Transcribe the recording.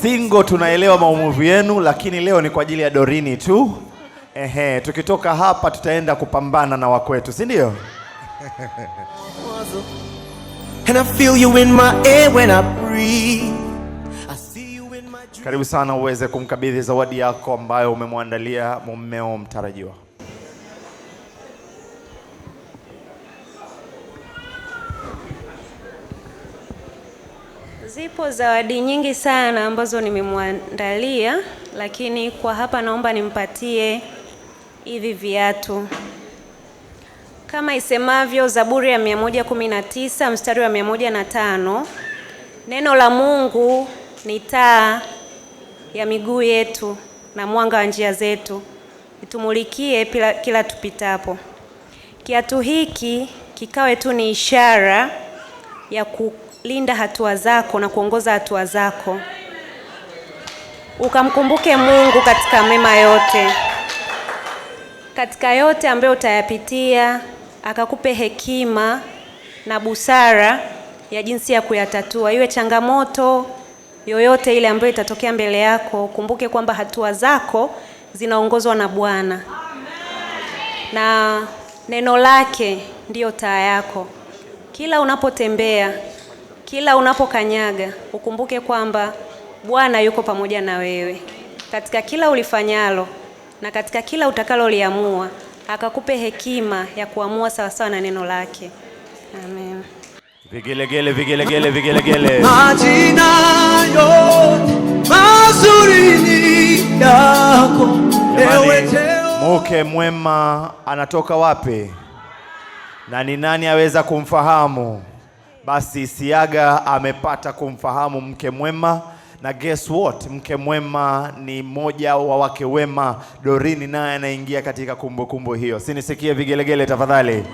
Singo, tunaelewa maumivu yenu, lakini leo ni kwa ajili ya Dorini tu. Ehe, tukitoka hapa tutaenda kupambana na wakwetu, si ndio? Karibu sana uweze kumkabidhi zawadi yako ambayo umemwandalia mumeo mtarajiwa. Zipo zawadi nyingi sana ambazo nimemwandalia, lakini kwa hapa naomba nimpatie hivi viatu kama isemavyo Zaburi ya 119 mstari wa 105, neno la Mungu ni taa ya miguu yetu na mwanga wa njia zetu, itumulikie kila tupitapo. Kiatu hiki kikawe tu ni ishara ya kulinda hatua zako na kuongoza hatua zako. Ukamkumbuke Mungu katika mema yote, katika yote ambayo utayapitia, akakupe hekima na busara ya jinsi ya kuyatatua. Iwe changamoto yoyote ile ambayo itatokea mbele yako, kumbuke kwamba hatua zako zinaongozwa na Bwana na neno lake ndiyo taa yako. Kila unapotembea, kila unapokanyaga, ukumbuke kwamba Bwana yuko pamoja na wewe katika kila ulifanyalo na katika kila utakaloliamua, akakupe hekima ya kuamua sawasawa na neno lake. Amen. Vigelegele, vigelegele, vigelegele. Majina yote mazuri ni yako, ewe Mke mwema anatoka wapi? na ni nani aweza kumfahamu? Basi Siaga amepata kumfahamu mke mwema, na guess what, mke mwema ni mmoja wa wake wema. Dorini naye anaingia katika kumbukumbu kumbu hiyo. Sinisikie vigelegele tafadhali.